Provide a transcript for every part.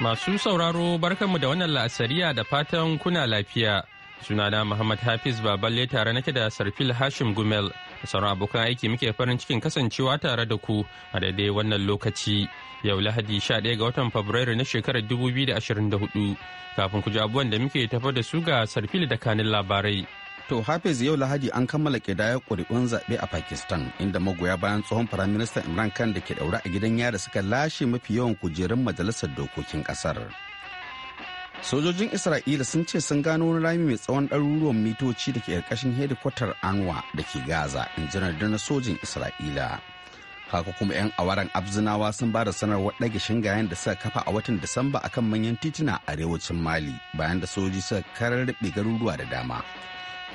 Masu sauraro barkanmu da wannan la'asariya da fatan kuna lafiya. Sunana Muhammad Hafiz Baballe tare nake da Sarfil Hashim Gumel. Sauran abokan aiki muke farin cikin kasancewa tare da ku a daidai wannan lokaci. Yau Lahadi 11 ga watan Fabrairu na shekarar 2024. Kafin ku ji abubuwan da muke tafa da su ga Sarfil da kanin labarai. To Hafiz yau Lahadi an kammala ƙidaya kuri'un zaɓe a Pakistan inda magoya bayan tsohon Firaministan Imran Khan da ke ɗaure a gidan yari suka lashe mafi yawan kujerun majalisar dokokin ƙasar. Sojojin Isra'ila sun ce sun gano wani rami mai tsawon ɗaruruwan mitoci da ke ƙarƙashin hedikwatar Anwa da ke Gaza in janar na sojin Isra'ila. haka kuma 'yan awaran abzinawa sun ba da sanarwar ɗage shingayen da suka kafa a watan disamba akan manyan tituna a arewacin mali bayan da soji suka kararrabe garuruwa da dama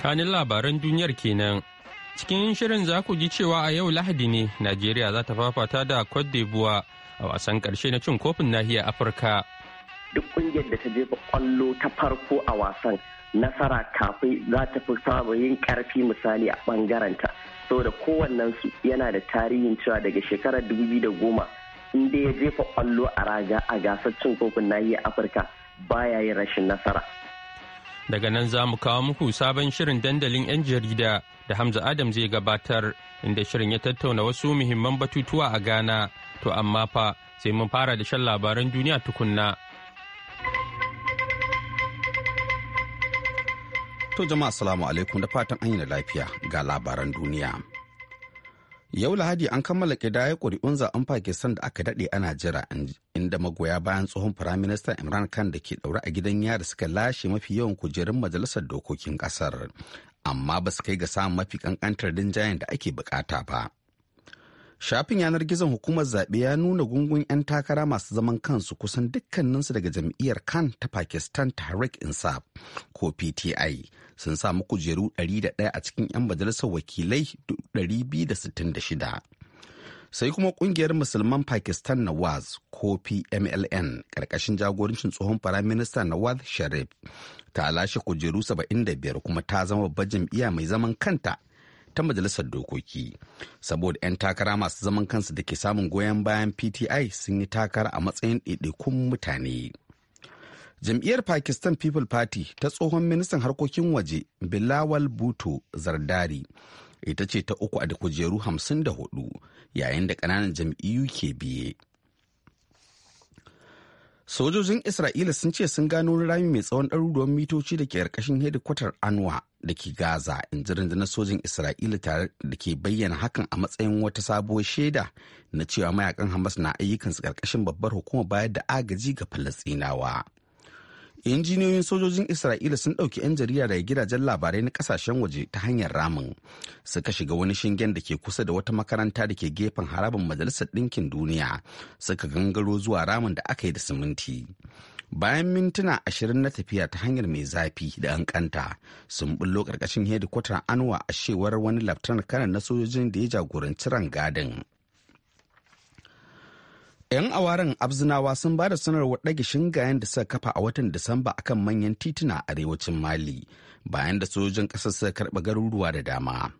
kanin labaran duniyar kenan cikin shirin za ku ji cewa a yau lahadi ne najeriya za ta fafata da cote d'ivoire a wasan karshe na cin kofin nahiyar afirka duk ƙungiyar da ta jefa kwallo ta farko a wasan nasara kafin za ta fi saba yin karfi misali a ɓangaranta saboda kowannen su yana da tarihin cewa daga shekarar 2010 inda ya jefa kwallo a raga a gasar cin kofin nahiyar afirka baya yin rashin nasara Daga nan za mu kawo muku sabon shirin dandalin 'yan jarida da Hamza Adam zai gabatar inda shirin ya tattauna wasu muhimman batutuwa a Ghana. To amma fa sai mun fara da shan labaran duniya tukunna. To jama'a salamu alaikum da fatan an yi lafiya ga labaran duniya. Yau Lahadi an kammala ƙidaya ƙuri'un zaben Pakistan da aka daɗe ana jira inda magoya bayan tsohon Firaministan Imran Khan da ke ɗaure a gidan yari suka lashe mafi yawan kujerun majalisar dokokin ƙasar. Amma ba su kai ga samun mafi ƙanƙantar rinjayen da ake bukata ba. Shafin yanar gizon hukumar zaɓe ya nuna gungun 'yan takara masu zaman kansu kusan dukkaninsu daga jam'iyyar Khan ta Pakistan Tariq Insaf ko PTI sun samu kujeru 101 a cikin 'yan majalisar wakilai 266. Sai kuma kungiyar musulman Pakistan Nawaz ko PMLN ƙarƙashin jagorancin tsohon firaminista Nawaz Sharif ta lashe kujeru 75 kuma ta zama babbar jam'iyya mai zaman kanta. ta majalisar dokoki saboda 'yan takara masu zaman kansu da ke samun goyon bayan pti sun yi takara a matsayin ɗaiɗaikun mutane jam'iyyar pakistan people party ta tsohon ministan harkokin waje bilawal bhutto zardari ita ce ta uku a da kujeru 54 yayin da ƙananan jam'iyyu ke biye sojojin isra'ila sun ce sun gano wani rami mai tsawon ɗaruruwan mitoci da ke ƙarƙashin hedikwatar anwa da ke gaza in ji rundunar sojin isra'ila tare da ke bayyana hakan a matsayin wata sabuwar shaida na cewa mayakan hamas na ayyukansu ƙarƙashin babbar hukumar bayar da agaji ga falastinawa injiniyoyin sojojin isra'ila sun ɗauki 'yan jarida daga gidajen labarai na ƙasashen waje ta hanyar ramin suka shiga wani shingen da ke kusa da wata makaranta da ke gefen harabin majalisar ɗinkin duniya suka gangaro zuwa ramin da aka yi da siminti bayan mintuna ashirin na tafiya ta hanyar mai zafi da an sun bullo karkashin hedikwatar anwa a cewar wani laftanar kanan na sojojin da ya jagoranci rangadin 'Yan awaren Abzinawa sun ba da sanarwar ɗage shingayen da suka kafa a watan Disamba akan manyan tituna a arewacin Mali bayan da sojojin ƙasar suka karɓa garuruwa da dama.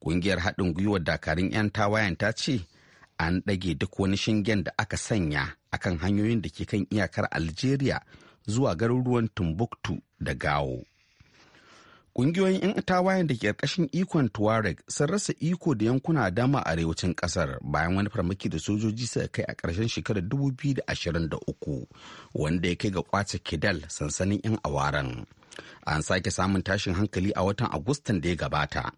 Ƙungiyar haɗin gwiwar dakarun 'yan tawayen ta ce an ɗage duk wani shingen da aka sanya akan hanyoyin da ke kan iyakar Algeria zuwa garuruwan tumbuktu da Gao. Ƙungiyoyin 'yan tawayen da ke ƙarƙashin ikon Tuareg sun rasa iko da yankuna dama a arewacin ƙasar bayan wani farmaki da sojoji suka kai a ƙarshen shekarar 2023 wanda ya kai ga kwace Kidal sansanin 'yan awaran. An sake samun tashin hankali a watan Agustan da ya gabata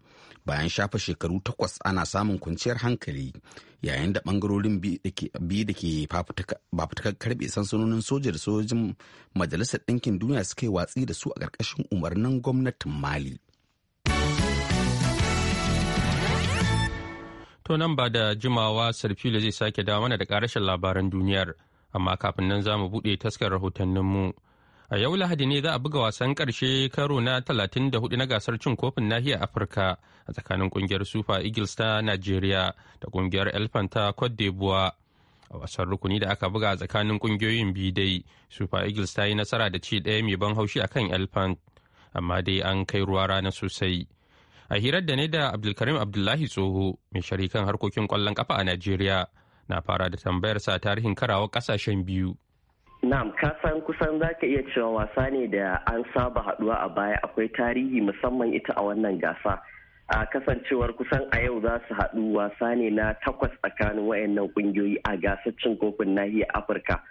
bayan shafa shekaru takwas ana samun kwanciyar hankali yayin da bangarorin biyu da ke fafutukar karbe sansanonin soja da sojojin majalisar ɗinkin duniya suka yi watsi da su a ƙarƙashin umarnin gwamnatin mali to nan ba da jimawa sarfila zai sake dawo mana da ƙarashin labaran duniyar amma kafin nan za mu buɗe taskar rahotanninmu mu A yau Lahadi ne za a buga wasan karshe karo na 34 na gasar cin kofin nahiyar Afirka a tsakanin ƙungiyar Super Eagles ta Najeriya da ƙungiyar Elephant ta Cote d'Ivoire. A wasan rukuni da aka buga a tsakanin kungiyoyin biyu dai, Super Eagles ta yi nasara da ci ɗaya mai ban haushi akan Elephant, amma dai an kai ruwa rana sosai. A hirar da ne da Abdulkarim Abdullahi Tsoho, mai sharikan harkokin kwallon ƙafa a Najeriya, na fara da tambayar sa tarihin karawa kasashen biyu. Na'am, kasan kusan za ka iya cewa wasa ne da an saba haduwa a baya akwai tarihi musamman ita a wannan gasa. A kasancewar kusan a yau za su haɗu wasa ne na takwas tsakanin wayannan kungiyoyi a gasar cin kofin nahiyar Afirka.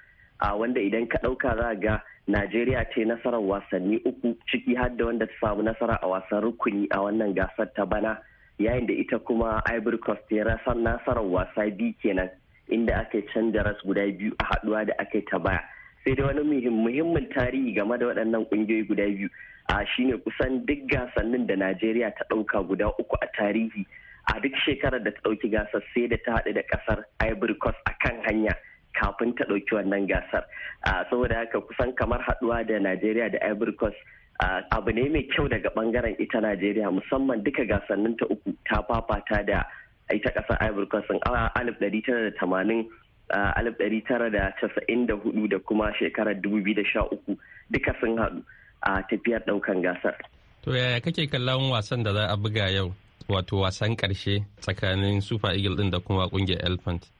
A wanda idan ka ɗauka za ga Najeriya ce nasarar wasanni uku ciki har da wanda ta samu nasara a wasan rukuni a wannan gasar ta bana yayin da ita kuma Ivory Coast ta nasarar wasa biyu kenan inda aka canza ras guda biyu a haɗuwa da aka ta baya. sai da wani muhimmin tarihi game da waɗannan ƙungiyoyi guda biyu a shine kusan duk gasannin da najeriya ta ɗauka guda uku a tarihi a duk shekarar da ta ɗauki gasar sai da ta haɗu da ƙasar ivory coast a kan hanya kafin ta ɗauki wannan gasar saboda haka kusan kamar haɗuwa da najeriya da ivory coast abu ne mai kyau daga ɓangaren ita najeriya musamman duka gasannin ta uku ta fafata da ita ƙasar ivory coast a alif tamanin 1994 da kuma shekarar 2013 duka sun haɗu a tafiyar ɗaukan gasar. To yaya kake kallon wasan da za a buga yau wato wasan ƙarshe tsakanin Super Eagle ɗin da kuma ƙungiyar Elephant?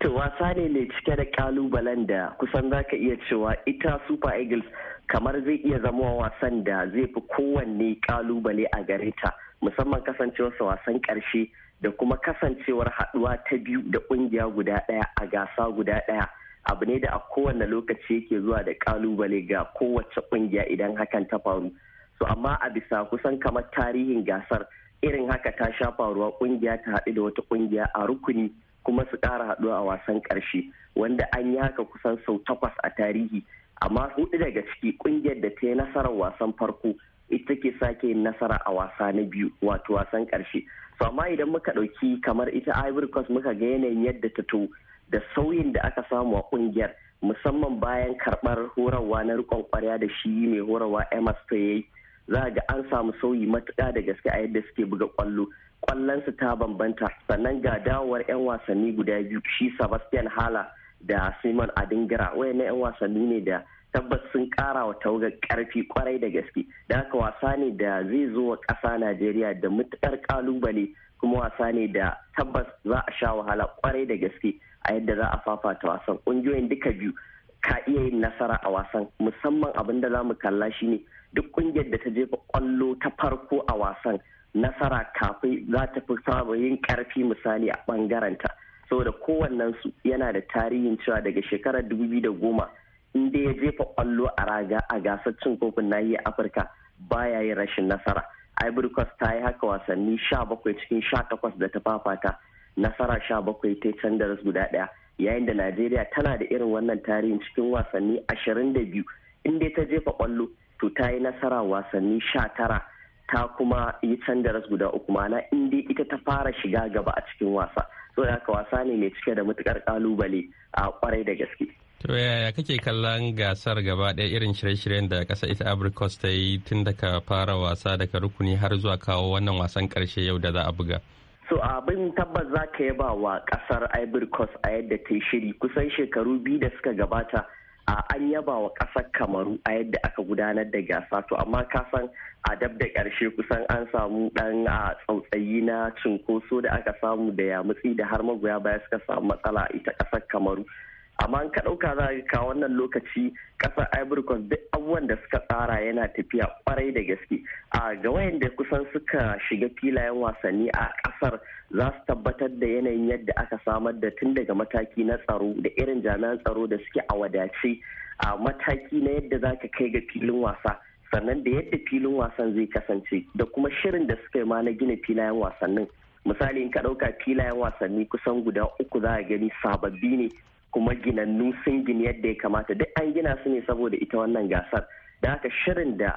To wasa ne mai cike da kalubalen da kusan za ka iya cewa ita Super Eagles kamar zai iya zama wasan da zai fi kowanne kalubale a gare ta musamman kasancewarsa wasan ƙarshe da kuma kasancewar haduwa ta biyu da kungiya guda daya a gasa guda daya abu ne da a kowane lokaci yake zuwa da kalubale ga kowace kungiya idan hakan ta faru so amma a bisa kusan kamar tarihin gasar irin haka ta sha faruwa kungiya ta hadu da wata kungiya a rukuni kuma su ƙara haɗuwa a wasan ƙarshe wanda an yi haka kusan sau takwas a tarihi amma hudu daga ciki kungiyar da ta yi nasarar wasan farko ita ke sake nasara a wasa na biyu wato wasan karshe so amma idan muka ɗauki kamar ita ivory coast muka ga yanayin yadda ta to da sauyin da aka samu a kungiyar musamman bayan karɓar horarwa na rikon kwarya da shi mai horarwa emas ta yayi za ga an samu sauyi matuka da gaske a yadda suke buga kwallo kwallonsu ta bambanta sannan ga dawowar 'yan wasanni guda biyu shi sebastian hala da simon adingira wayannan 'yan wasanni ne da tabbas sun kara wa tauga karfi kwarai da gaske da haka wasa ne da zai zo wa ƙasa najeriya da matuƙar kalubale kuma wasa ne da tabbas za a sha wahala kwarai da gaske a yadda za a fafata wasan ƙungiyoyin duka biyu ka iya yin nasara a wasan musamman abin da za mu kalla shi ne duk ƙungiyar da ta jefa kwallo ta farko a wasan nasara kafin za ta fi samun yin karfi misali a ɓangarenta saboda kowannensu yana da tarihin cewa daga shekarar 2010 inda ya jefa kwallo a raga a gasar cin kofin nahiyar afirka baya yin rashin nasara ivory coast ta yi haka wasanni sha bakwai cikin sha takwas da ta fafata nasara sha bakwai ta canza da guda daya yayin da najeriya tana da irin wannan tarihin cikin wasanni ashirin da biyu inda ta jefa kwallo to ta yi nasara wasanni sha tara ta kuma yi canza da guda uku mana inda ita ta fara shiga gaba a cikin wasa so da haka wasa ne mai cike da matukar ƙalubale a kwarai da gaske To yaya kake kallon gasar gaba ɗaya irin shirye-shiryen da ƙasa ita Abrikos ta yi tun daga fara wasa daga rukuni har zuwa kawo wannan wasan ƙarshe yau da za a buga? So abin tabbas za ka yaba wa ƙasar Ivory Coast a yadda ta yi shiri kusan shekaru biyu da suka gabata a an yaba wa ƙasar Kamaru a yadda aka gudanar da gasa to amma ka san a dab da ƙarshe kusan an samu ɗan a tsautsayi na cunkoso da aka samu da yamutsi da har magoya baya suka samu matsala ita ƙasar Kamaru amma in ka ɗauka za ka kawo wannan lokaci ƙasar ivory coast duk abubuwan da suka tsara yana tafiya kwarai da gaske a ga wayanda kusan suka shiga filayen wasanni a ƙasar za su tabbatar da yanayin yadda aka samar da tun daga mataki na tsaro da irin jami'an tsaro da suke a wadace a mataki na yadda za ka kai ga filin wasa sannan da yadda filin wasan zai kasance da kuma shirin da suka yi ma na gina filayen wasannin misali in ka ɗauka filayen wasanni kusan guda uku za a gani sababbi ne kuma ginannu sun gini yadda ya kamata duk an gina su ne saboda ita wannan gasar da haka shirin da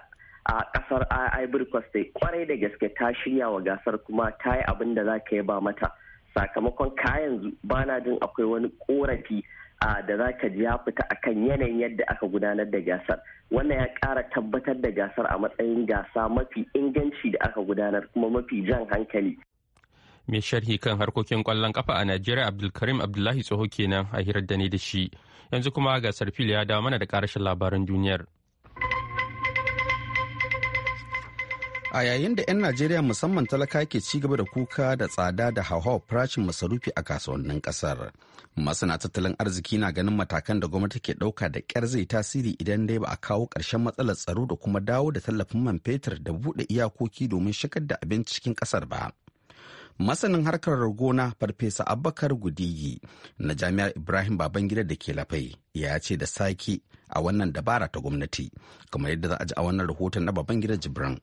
a kasar ivory coast kwarai da gaske ta shirya wa gasar kuma ta yi abin da za ka yi ba mata sakamakon kayan bana jin akwai wani korafi da za ka ji ya fita a kan yanayin yadda aka gudanar da gasar wannan ya kara tabbatar da gasar a matsayin gasa mafi inganci da aka gudanar kuma mafi jan hankali mai sharhi kan harkokin kwallon kafa a najeriya abdulkarim abdullahi tsoho kenan a hirar da ne da shi yanzu kuma ga sarfil ya dawo mana da karashin labaran duniyar a yayin da 'yan najeriya musamman talaka ke ci gaba da kuka da tsada da hauhawar farashin masarufi a kasuwannin kasar masana tattalin arziki na ganin matakan da gwamnati ke ɗauka da ƙyar zai tasiri idan dai ba a kawo ƙarshen matsalar tsaro da kuma dawo da tallafin man fetur da buɗe iyakoki domin shigar da abinci cikin ƙasar ba masanin harkar gona farfesa abubakar gudigi na jami'ar ibrahim babangida da ke lafai ya ce da sake a wannan dabara ta gwamnati kamar yadda za a ji a wannan rahoton na babangida jibran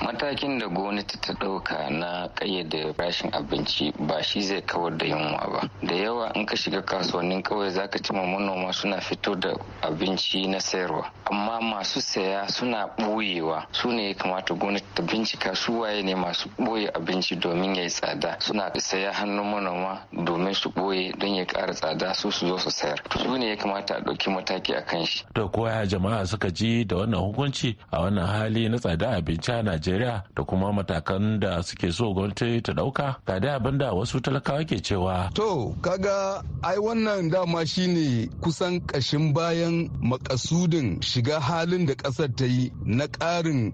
matakin da gwamnati ta ɗauka na ƙayyade rashin abinci ba shi zai kawar da yunwa ba da yawa in ka shiga kasuwannin kawai zaka cima manoma suna fito da abinci na sayarwa amma masu saya suna ɓoyewa su ne ya kamata gwamnati ta bincika su waye ne masu ɓoye abinci domin ya yi tsada suna saya hannun manoma domin su ɓoye don ya ƙara tsada su su zo su sayar su ne ya kamata a ɗauki mataki a kan shi. Da koya jama'a suka ji da wannan hukunci a wannan hali na tsada abinci a najeriya da kuma matakan da suke so gwamnati ta dauka ga dai abin da wasu talakawa ke cewa to kaga ai wannan dama shine kusan kashin bayan makasudin shiga halin da kasar ta yi na karin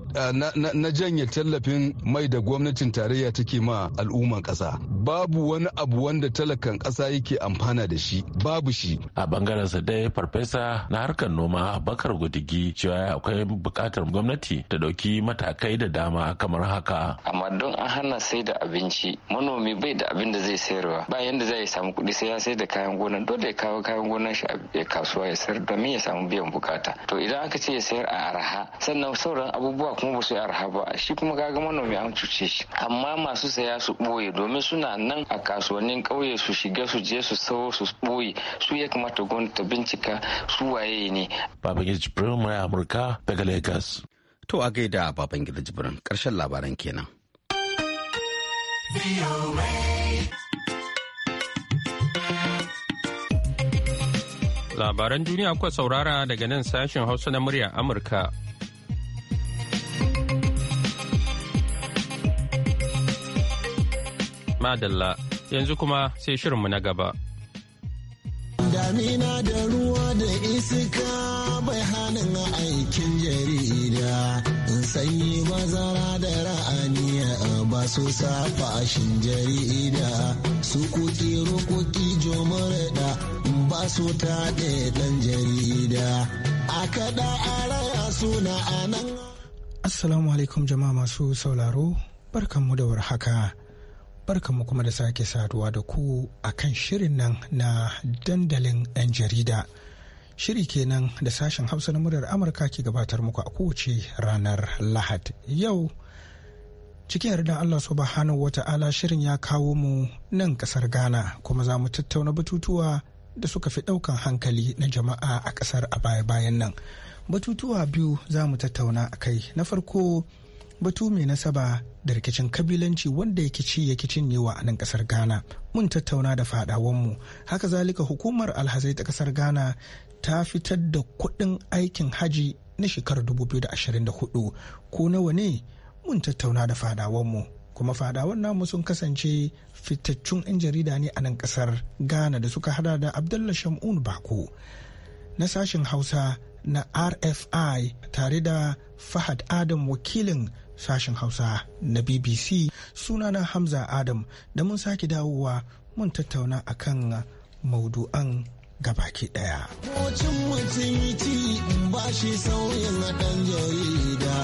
na janye tallafin mai da gwamnatin tarayya take ma al'umman ƙasa. babu wani abu wanda talakan ƙasa yake amfana da shi babu shi a bangaren sa dai farfesa na harkar noma bakar gudigi cewa akwai bukatar gwamnati ta ɗauki matakai da dama kamar haka amma don an hana sai da abinci manomi bai da abin da zai sayarwa ba yanda zai samu kuɗi sai ya sai da kayan gonan dole ya kawo kayan gonan shi a kasuwa ya sayar domin ya samu biyan bukata to idan aka ce ya sayar a araha sannan sauran abubuwa kuma ba su yi araha ba shi kuma kaga manomi an cuce shi amma masu saya su ɓoye domin suna nan a kasuwannin ƙauye su shiga su je su sawo su ɓoye su ya kamata gwamnati ta bincika su waye ne. Babangiji Firimai Amurka daga Lagos. To a gaida baban gida jibirin ƙarshen labaran kenan. Labaran duniya kuka saurara daga nan sashen Hausa na murya Amurka. Madalla, yanzu kuma sai shirinmu na gaba. Damina da ruwa da iska. bai hannun aikin jarida sanyi bazara da ra'aniya ba su safa shin jarida su kuki rukuki jomurda ba su taɗe ɗan jarida a kada a raya suna a nan assalamu alaikum jama'a masu sauraro barkanmu da warhaka barkanmu kuma da sake saduwa da ku a kan shirin nan na dandalin 'yan jarida Shiri kenan da sashen Hausa na muryar Amurka ke gabatar muku a kowace ranar Lahad. Yau cikin yarda Allah wata ala shirin ya kawo mu nan kasar Ghana kuma za mu tattauna batutuwa da suka fi ɗaukan hankali na jama'a a kasar a baya-bayan nan. Batutuwa biyu za mu tattauna a kai. Na farko batu mai nasaba da rikicin kabilanci wanda ya kici ya kicin newa a nan kasar ghana mun tattauna da fadawanmu haka zalika hukumar alhazai ta kasar ghana ta fitar da kuɗin aikin haji na shekarar 2024 ko nawa ne mun tattauna da fadawan mu kuma fadawan namu sun kasance fitaccun 'yan jarida ne a nan ƙasar ghana da suka hada da abdullah shamun bako na sashen hausa na rfi tare da fahad adam wakilin sashen hausa na bbc sunana hamza adam da mun sake dawowa mun tattauna akan maudu'an gabaki daya. Kocin mutum yi ba shi sauyin na ɗan jarida,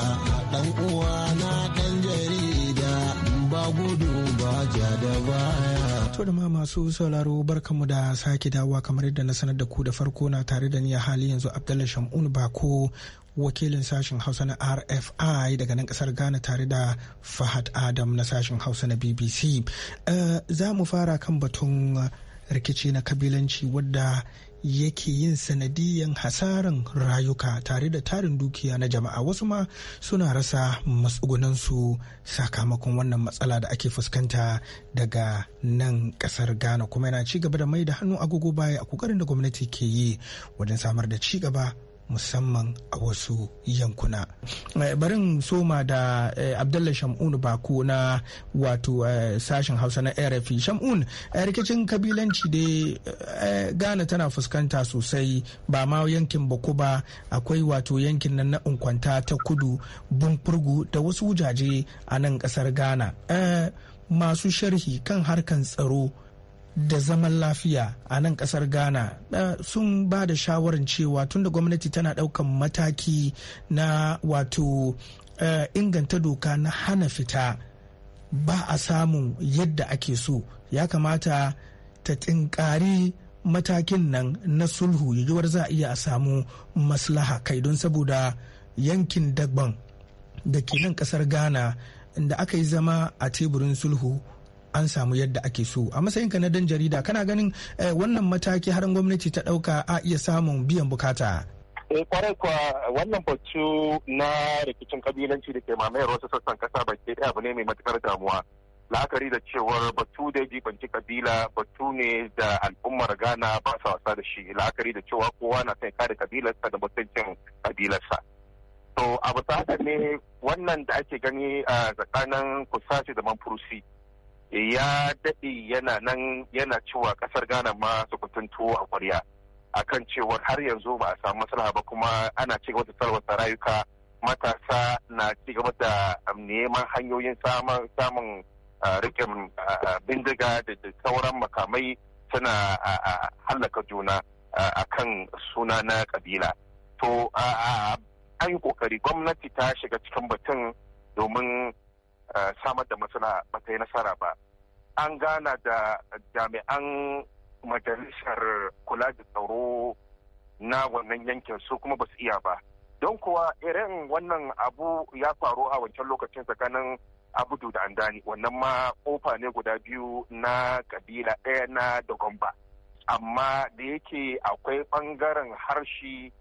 ɗan uwa na ɗan jarida, ba gudu ba ja da baya. To da ma masu sauraro barkanmu da sake dawowa kamar yadda na sanar da ku da farko na tare da ni a hali yanzu Abdullahi Shamun Bako wakilin sashen hausa na rfi daga nan kasar ghana tare da fahad adam na sashen hausa na bbc eh, za mu fara kan batun rikici na kabilanci wadda yake yin sanadiyan hasaran rayuka tare da tarin dukiya na jama'a wasu ma suna rasa matsugunansu sakamakon wannan matsala da ake fuskanta daga nan kasar ghana kuma yana ci gaba da mai da hannu agogo baya a kokarin da gwamnati ke yi wajen samar da ci gaba musamman a wasu yankuna eh, barin soma da eh, abdalla shamun bako na wato eh, sashen hausa na rfi shamun rikicin kabilanci da ghana tana fuskanta sosai ba ma yankin bako ba akwai wato yankin nan na unkwanta ta kudu bumfurgu da wasu wujaje a nan kasar ghana masu sharhi kan harkan tsaro da zaman lafiya a nan kasar ghana sun ba da shawarar cewa tunda gwamnati tana daukan mataki na wato eh, inganta doka na hana fita ba a samun yadda ake so ya kamata ta tinkari matakin nan na sulhu yiwuwar za a iya a samu maslaha kai don saboda yankin dagban da ke nan kasar ghana da aka yi zama a teburin sulhu an samu yadda ake so a matsayin ka na dan jarida kana ganin eh, wannan mataki har gwamnati ta ɗauka a iya samun biyan bukata eh kwarai kuwa wannan batu na rikicin kabilanci da ke mamayar wasu sassan kasa ba ke abu ne mai matukar damuwa la'akari da cewar batu da jibanci kabila batu ne da al'ummar ghana ba sa wasa da shi la'akari da cewa kowa na sai kare kabilarsa da mutuncin kabilarsa to abu ta haka ne wannan da ake gani a tsakanin kusashi da manfurusi ya daɗe yana nan yana cewa ƙasar ghana ma su kutuntu a kwarya akan cewar har yanzu ba a samu maslaha ba kuma ana ci gaba da salwata rayuka matasa na cigaba da um, neman hanyoyin samun uh, rikin uh, uh, bindiga da sauran makamai suna hallaka juna a kan suna na kabila to an yi kokari gwamnati ta shiga cikin batun domin samar da masana ba ta yi nasara ba an gana da jami'an majalisar kula da tsaro na wannan yankin su kuma ba su iya ba don kuwa irin wannan abu ya faru a wancan lokacin tsakanin abudu da andani wannan ma kofa ne guda biyu na kabila ɗaya na dogomba amma da yake akwai ɓangaren harshe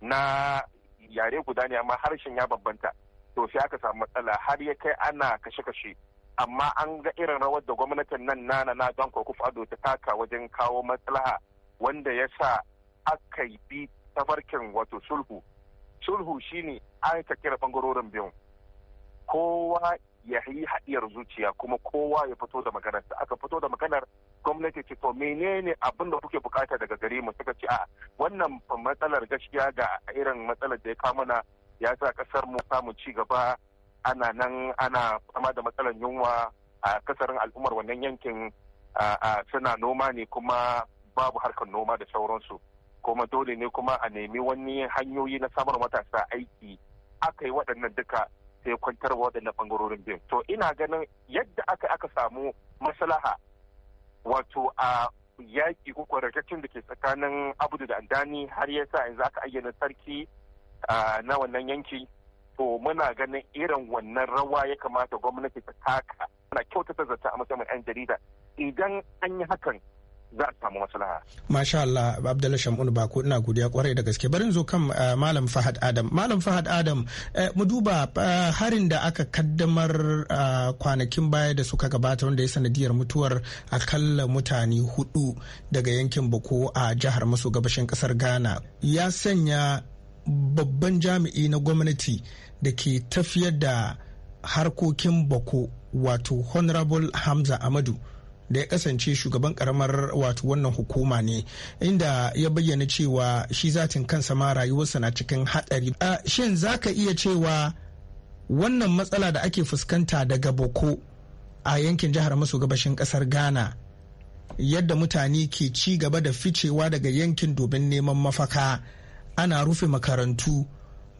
na yare guda ne amma harshen ya bambanta to sai aka samu matsala har ya kai ana kashe-kashe amma an ga irin rawar da gwamnatin nan nana na don kurkuf ado ta taka wajen kawo matsala wanda ya sa aka bi tafarkin wato sulhu sulhu shine an ta kira bangarorin biyun kowa ya yi haɗiyar zuciya kuma kowa ya fito da maganar aka fito da maganar gwamnati ce to menene abin da kuke bukata daga gare mu suka ce a wannan matsalar gaskiya ga irin matsalar da ya kawo mana ya sa kasar mu samun ci gaba ana nan ana fama da matsalar yunwa a kasarin al'ummar wannan yankin suna noma ne kuma babu harkar noma da sauransu kuma dole ne kuma a nemi wani hanyoyi na samar matasa aiki aka yi waɗannan duka sai kwantar waɗannan ɓangarorin biyu to ina ganin yadda aka aka samu maslaha wato a yaƙi uku da ke tsakanin abudu da andani har yasa yanzu aka ayyana sarki na wannan yanki to muna ganin irin wannan rawa ya kamata gwamnati ta taka na kyautata zata a musamman 'yan jarida idan an yi hakan za a samu maslaha. Masha Allah Abdullahi Shamun Bako ina godiya kwarai da gaske barin zo kan eh, Malam Fahad Adam. Malam Fahad Adam eh, mu duba eh, harin da aka kaddamar kwanakin baya da suka gabata wanda ya sanadiyar mutuwar akalla mutane hudu daga yankin Bako a jihar maso gabashin kasar Ghana ya sanya babban jami'i na gwamnati da ke tafiyar da harkokin boko wato honorable hamza amadu da ya kasance shugaban karamar wato wannan hukuma ne inda ya bayyana cewa shi zatin kansa ma rayuwarsa na cikin hatsari shin za ka iya cewa wannan matsala da ake fuskanta daga boko a yankin jihar maso gabashin kasar ghana yadda mutane ke ci gaba da ficewa daga yankin domin neman mafaka ana rufe makarantu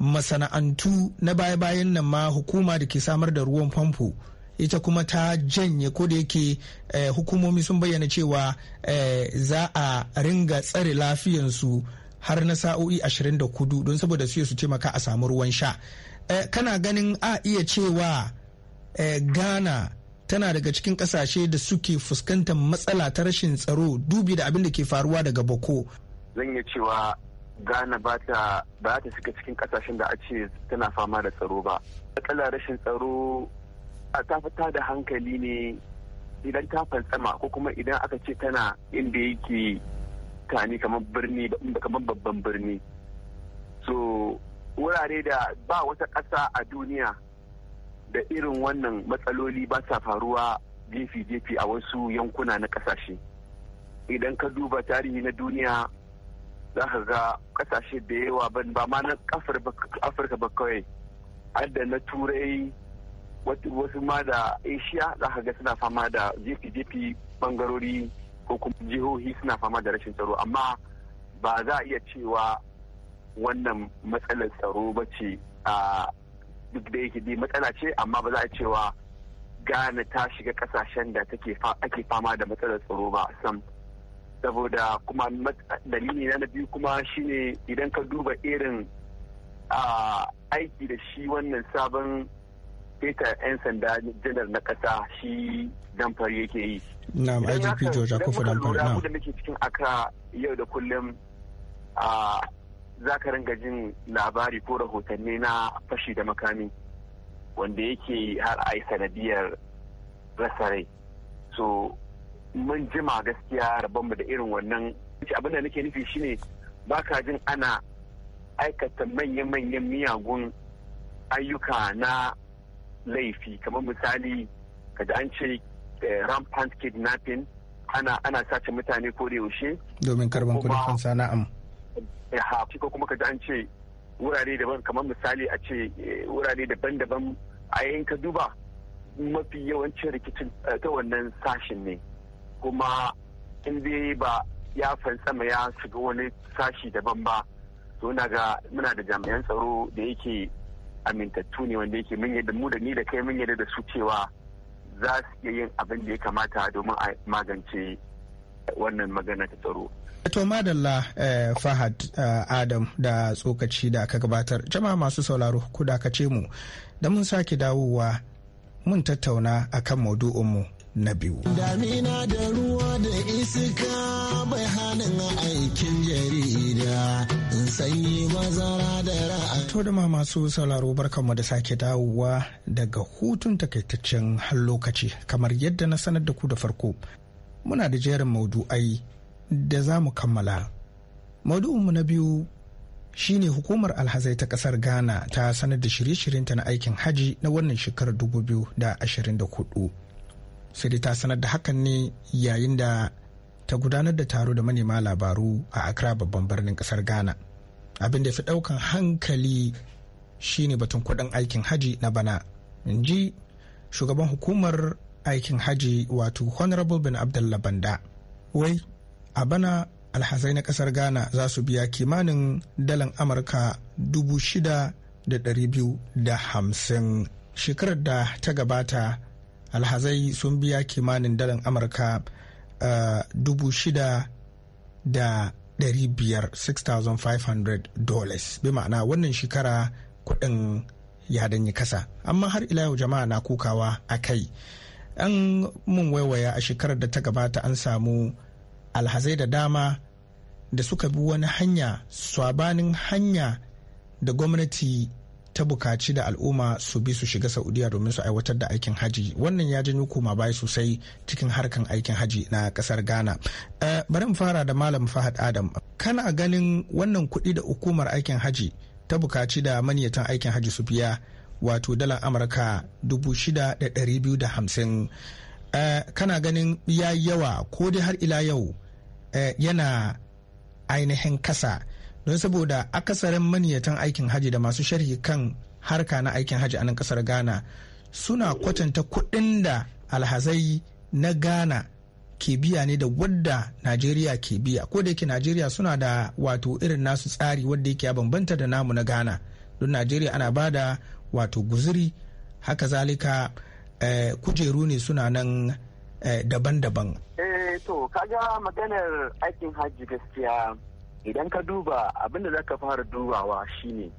masana'antu na baya-bayan nan ma hukuma da ke samar da ruwan famfo ita kuma ta janye ko da yake eh, hukumomi sun bayyana cewa eh, za a ringa tsare lafiyansu har na sa'o'i 24 don saboda su su taimaka a samu ruwan sha eh, kana ganin a iya cewa eh, ghana tana daga cikin kasashe da suke fuskantar matsala ta rashin tsaro dubi da abin da ke faruwa daga boko zan iya cewa Ghana ba ta ba ta shiga cikin kasashen da a ce tana fama da tsaro ba. Matsalar rashin tsaro ta fita da hankali ne idan ta fantsama ko kuma idan aka ce tana inda yake tani kamar birni kamar babban birni. So wurare da ba wata ƙasa a duniya da irin wannan matsaloli ba sa faruwa jefi-jefi a wasu yankuna na ƙasashe. Idan ka duba tarihi na duniya za ka ga kasashe da yawa ban ba ma na afirka ba kawai adda na turai wasu ma da asia za ka ga suna fama da jefi-jefi bangarori ko kuma jihohi suna fama da rashin tsaro amma ba za a iya cewa wannan matsalar tsaro ba ce a duk da yake dai matsala ce amma ba za a cewa Ghana ta shiga kasashen da ake fama da matsalar tsaro ba sam saboda kuma dalili na biyu kuma shine idan ka duba irin aiki da shi wannan sabon feta 'yan sanda janar na kasa shi damfari yake yi. na IGP George Akufu damfari na. da muke cikin aka yau da kullum a zaka ringa jin labari ko rahotanni na fashi da makami wanda yake har a yi sanadiyar rasa rai. So mun jima gaskiya rabonmu da irin wannan abin da nake nufi shine ba ka jin ana aikata manya-manyan miyagun ayyuka na laifi kamar misali kaji an ce eh, rampant kidnapping ana ana sace mutane ko da yaushe domin karban kuɗin sana'am. na'am ha ko kuma kaji an ce wurare daban kamar misali a ce eh, wurare daban-daban a yayin ka duba mafi yawancin rikicin eh, ta wannan sashin ne kuma in dai ba ya fantsama ya shiga wani sashi daban ba to na ga muna da jami'an tsaro da yake amintattu ne wanda yake mun mu da ni da kai mun yadda da su cewa za su iya yin abin da ya kamata domin a magance wannan magana ta tsaro. To madalla eh, Fahad eh, Adam da tsokaci da aka gabatar jama'a masu sauraro ku dakace mu da mun sake dawowa mun tattauna akan mu. na biyu. Damina da ruwa da iska bai hannun aikin jarida sanyi mazara da ra'a. To da ma masu sauraro barkanmu da sake dawowa daga hutun takaitaccen har lokaci kamar yadda na sanar da ku da farko. Muna da jerin maudu'ai da za mu kammala. Maudu'inmu na biyu shine hukumar alhazai ta kasar ghana ta sanar da shirye-shiryenta na aikin haji na wannan shekarar 2024 sai ta sanar da hakan ne yayin da ta gudanar da taro da manema labaru a accra babban birnin kasar ghana abin da fi daukan hankali shine batun kudin aikin haji na bana in ji shugaban hukumar aikin haji wato honorable bin abdullah banda wai a bana alhazai na kasar ghana za su biya kimanin dalan amurka dubu shida da da hamsin shekarar da ta gabata alhazai sun biya kimanin dalar amurka uh, dubu shida da ɗari biyar dollars bi ma'ana wannan shekara kuɗin ya danyi kasa amma har ila yau jama'a na kukawa a kai an mun waiwaya a shekarar da ta gabata an samu alhazai da dama da suka bi wani hanya swabanin hanya da gwamnati ta bukaci da al'umma su bi su shiga saudiya domin su aiwatar da aikin haji wannan ya janyo koma baya sosai cikin harkan aikin haji na kasar ghana eh, bari mu fara da malam fahad adam kana ganin wannan kuɗi da hukumar aikin haji ta bukaci da maniyatan aikin haji su biya wato dalar amurka hamsin eh, kana ganin ya yawa ko dai har ila yau eh, yana ainihin kasa don saboda akasarin maniyatan aikin haji da masu sharhi kan harka na aikin haji a nan kasar ghana suna kwatanta kuɗin da alhazai na ghana ke biya ne da wadda najeriya ke biya ko da yake najeriya suna da wato irin nasu tsari wadda yake ya bambanta da namu na ghana don najeriya ana ba da wato guzuri haka zalika eh, kujeru ne suna nan eh, daban-daban eh to kaga maganar aikin hajji gaskiya idan ka duba abinda za ka fara dubawa shine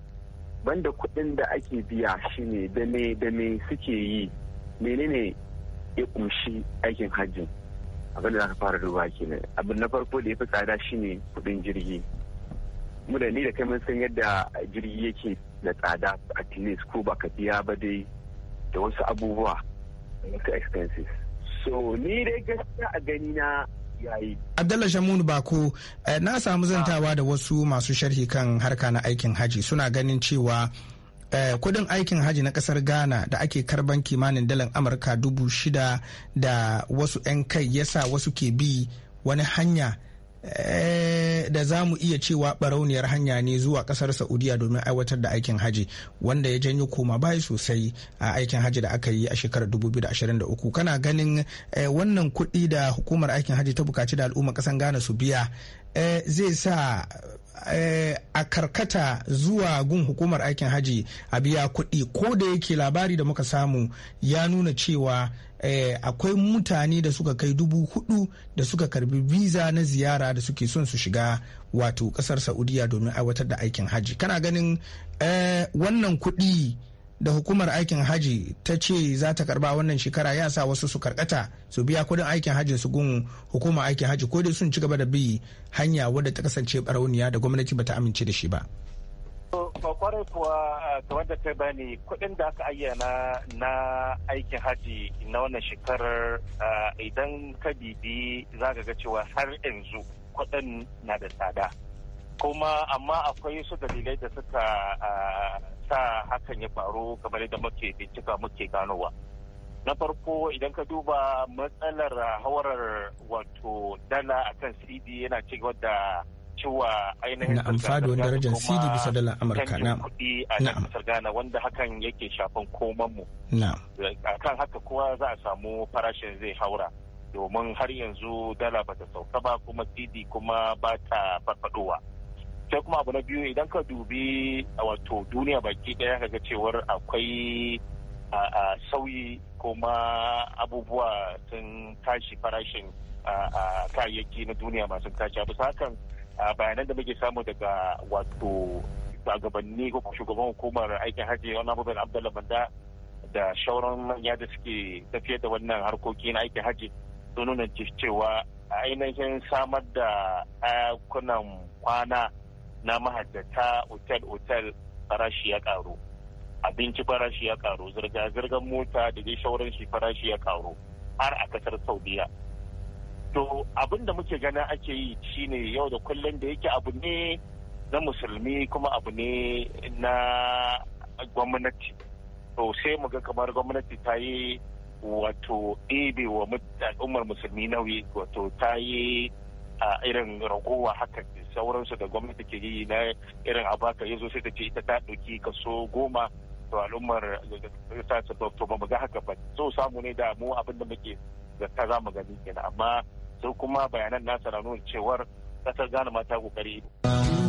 banda kuɗin da ake biya shine dame dame suke yi menene ya kumshi aikin hajji abinda za ka fara dubawa kenan abin na farko da ya fi tsada shine kuɗin jirgi mu da ni da kai mun san yadda jirgi yake da tsada a tilis ko ba ka biya ba dai da wasu abubuwa wasu expenses so ni dai gaskiya a gani na yayi Abdullahi Shamun Bako eh, na samu zantawa da wasu masu sharhi kan harka na aikin haji suna ganin cewa Uh, kudin aikin haji na kasar ghana da ake karban kimanin dalar amurka dubu shida da wasu 'yan kai yasa wasu ke bi wani hanya Eh, da za mu iya cewa barauniyar hanya ne zuwa kasar saudiya domin aiwatar da aikin haji wanda ya janyo koma baya sosai a aikin haji da aka yi a shekarar 2023 kana ganin eh, wannan kuɗi da hukumar aikin haji ta bukaci da al'umma kasan ghana su biya Eh, zai sa eh, a karkata zuwa gun hukumar aikin haji a biya kuɗi ko da yake labari da muka samu ya nuna cewa eh, akwai mutane da suka kai dubu hudu da suka karbi visa na ziyara da suke son su shiga wato kasar saudiya domin aiwatar da aikin hajji kana ganin wannan kuɗi da hukumar aikin haji ta ce za ta karba wannan shekara ya sa wasu su karkata su biya kudin aikin hajji su gun hukumar aikin haji ko dai sun ci gaba da bi hanya wadda ta kasance barauniya da gwamnati bata amince da shi ba. kwarai kuwa da ta bani kudin da aka ayyana na aikin haji na wannan shekarar idan ka bibi za ga cewa har yanzu kudin na da tsada kuma amma akwai su dalilai da suka sa hakan ya faru kamar yadda muke bincika muke ganowa na farko idan ka duba matsalar hawarar wato dala akan cd yana ci gaba da cewa ainihin na'am faduwar darajar cd bisa dala amurka kuɗi a kasar ghana wanda hakan yake shafan koman mu akan haka kowa za a samu farashin zai haura domin har yanzu dala ba ta sauka ba kuma cd kuma ba ta farfadowa sai kuma abu na biyu idan ka dubi wato duniya baki daya kaga cewar akwai sauyi kuma abubuwa sun tashi farashin kayayyaki na duniya masu tashi a bisa hakan bayanan da muke samu daga wato shugabanni ko shugaban hukumar aikin hajji wani abubuwan abdullahi banda da shauran manya da suke tafiyar da wannan harkoki na aikin hajji sun nuna cewa ainihin samar da kwana na mahaddata otel-otel farashi ya karu abinci farashi ya karu zirga-zirgar mota da dai shauran shi farashi ya karu har a kasar saudiya to abin da muke gana ake yi shine yau da kullum da yake abu ne na musulmi kuma abu ne na gwamnati to sai mu ga kamar gwamnati ta yi wato ɗebe wa al'ummar musulmi nauyi wato ta yi a irin ragowa haka sauransu da gwamnati ke yi na irin abaka ya zo sai ta ce ita ta ɗauki kaso goma to al'ummar ta to ba mu ga haka ba so samu ne da mu abin da muke ta za mu gani kenan amma sai kuma bayanan nasa na nuna cewar kasar gana ma ta kokari.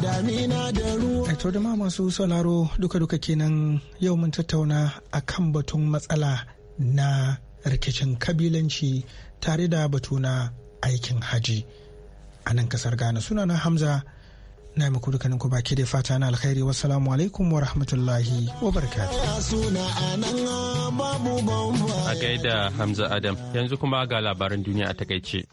da ma masu sauraro duka-duka kenan yau mun tattauna a kan batun matsala na rikicin kabilanci tare da batu na aikin haji a nan kasar ghana na hamza na muku dukkanin ku baki da fata na alkhairi wassalamu alaikum wa rahmatullahi wa barakatu a gaida hamza adam yanzu kuma ga labaran duniya a takaice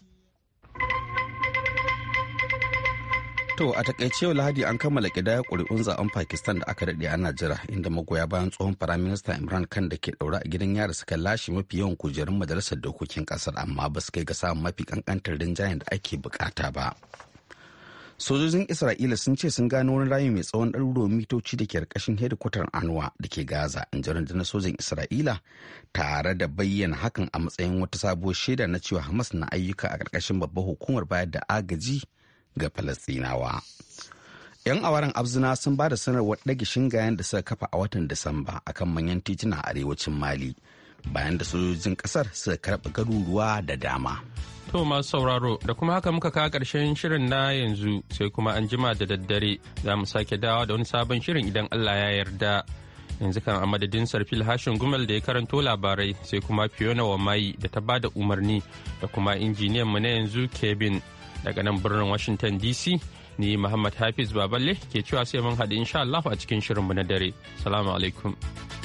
To a takaice yau Lahadi an kammala kidaya kuri'un zaben Pakistan da aka daɗe a Najira inda magoya bayan tsohon firaminista Imran Khan da ke ɗaura a gidan yari suka lashe mafi yawan kujerun majalisar dokokin ƙasar amma ba su kai ga samun mafi ƙanƙantar rinjayen da ake buƙata ba. Sojojin Isra'ila sun ce sun gano wani rami mai tsawon ɗaruruwan mitoci da ke ƙarƙashin hedikwatar Anuwa da ke Gaza in ji rundunar sojin Isra'ila tare da bayyana hakan a matsayin wata sabuwar shaida na cewa Hamas na ayyuka a ƙarƙashin babbar hukumar bayar da agaji ga Falasɗinawa. 'Yan awaren abzina sun ba da sanarwar ɗage shingayen da suka kafa a watan Disamba akan manyan tituna a arewacin Mali bayan da sojojin ƙasar suka karɓi garuruwa da dama. To masu sauraro da kuma haka muka kawo ƙarshen shirin na yanzu sai kuma an jima da daddare za mu sake dawa da wani sabon shirin idan Allah ya yarda. yanzu kan a madadin sarfil hashin gumel da ya karanto labarai sai kuma fiona wa mai da ta ba da umarni da kuma injiniyan mu na yanzu kevin daga nan birnin washington dc ni muhammad hafiz baballe ke cewa sai mun haɗu insha Allah a cikin shirinmu na dare salamu alaikum